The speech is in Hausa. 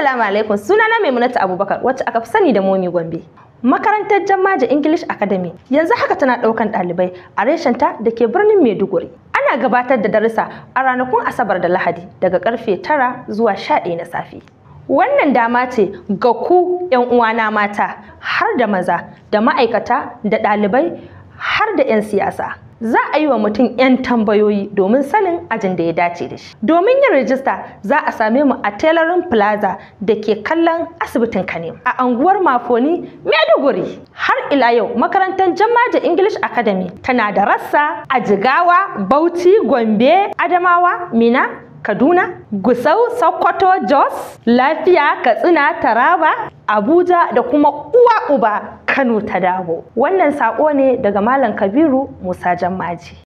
Assalamu alaikum sunana Maimunatu Abubakar wacce aka fi sani da Momi Gombe. Makarantar Jammaji English Academy yanzu haka tana ɗaukar ɗalibai a ta da ke birnin Maiduguri. Ana gabatar da darussa a ranakun Asabar da Lahadi daga karfe tara zuwa 11 na safe. Wannan dama ce ga ku 'yan uwana mata har da maza da ma'aikata da ɗalibai har da 'yan siyasa. Za a yi wa mutum 'yan tambayoyi domin sanin ajin da ya dace da shi. Domin yin rajista za a same mu a Tailoring Plaza da ke kallon asibitin Kanem a anguwar Mafoni, Maiduguri. Har ila yau makarantar Jammaja English Academy tana da rassa a Jigawa, Bauchi, Gombe, Adamawa, Mina, Kaduna, Gusau, Sokoto, Jos, Lafiya, Katsina, Taraba, Abuja da kuma uwa uba Kano ta dawo. Wannan saƙo ne daga Malam Kabiru Musa Jammaji.